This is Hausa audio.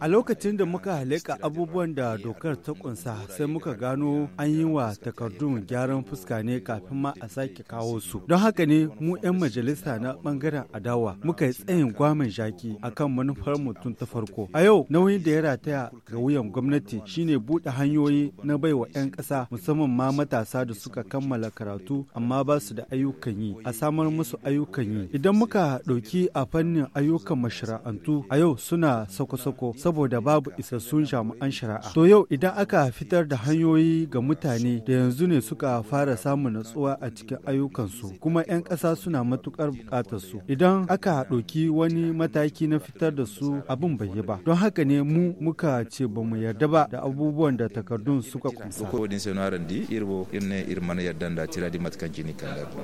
A lokacin da muka halika abubuwan da dokar ta kunsa sai muka gano an yi wa takardun gyaran fuska ne kafin ma a sake kawo su. Don haka ne mu 'yan majalisa na bangaren adawa muka yi tsayin gwamin jaki akan manufar mutum ta farko. A yau nauyin da ya rataya ga wuyan gwamnati shine buɗe hanyoyi na baiwa 'yan ƙasa musamman ma matasa da suka kammala karatu amma ba su da ayyukan yi a samar musu ayyukan yi. Idan muka ɗauki a fannin ayyukan shara'antu a yau suna sako-sako saboda babu isassun jami'an shari'a. To yau idan aka fitar da hanyoyi ga mutane da yanzu ne suka fara samun natsuwa a cikin ayyukansu kuma 'yan ƙasa suna matuƙar buƙatar su. Idan aka ɗauki wani mataki na fitar da su abin bai yi ba. Don haka ne mu muka ce ba mu yarda ba da abubuwan da takardun suka kunsa.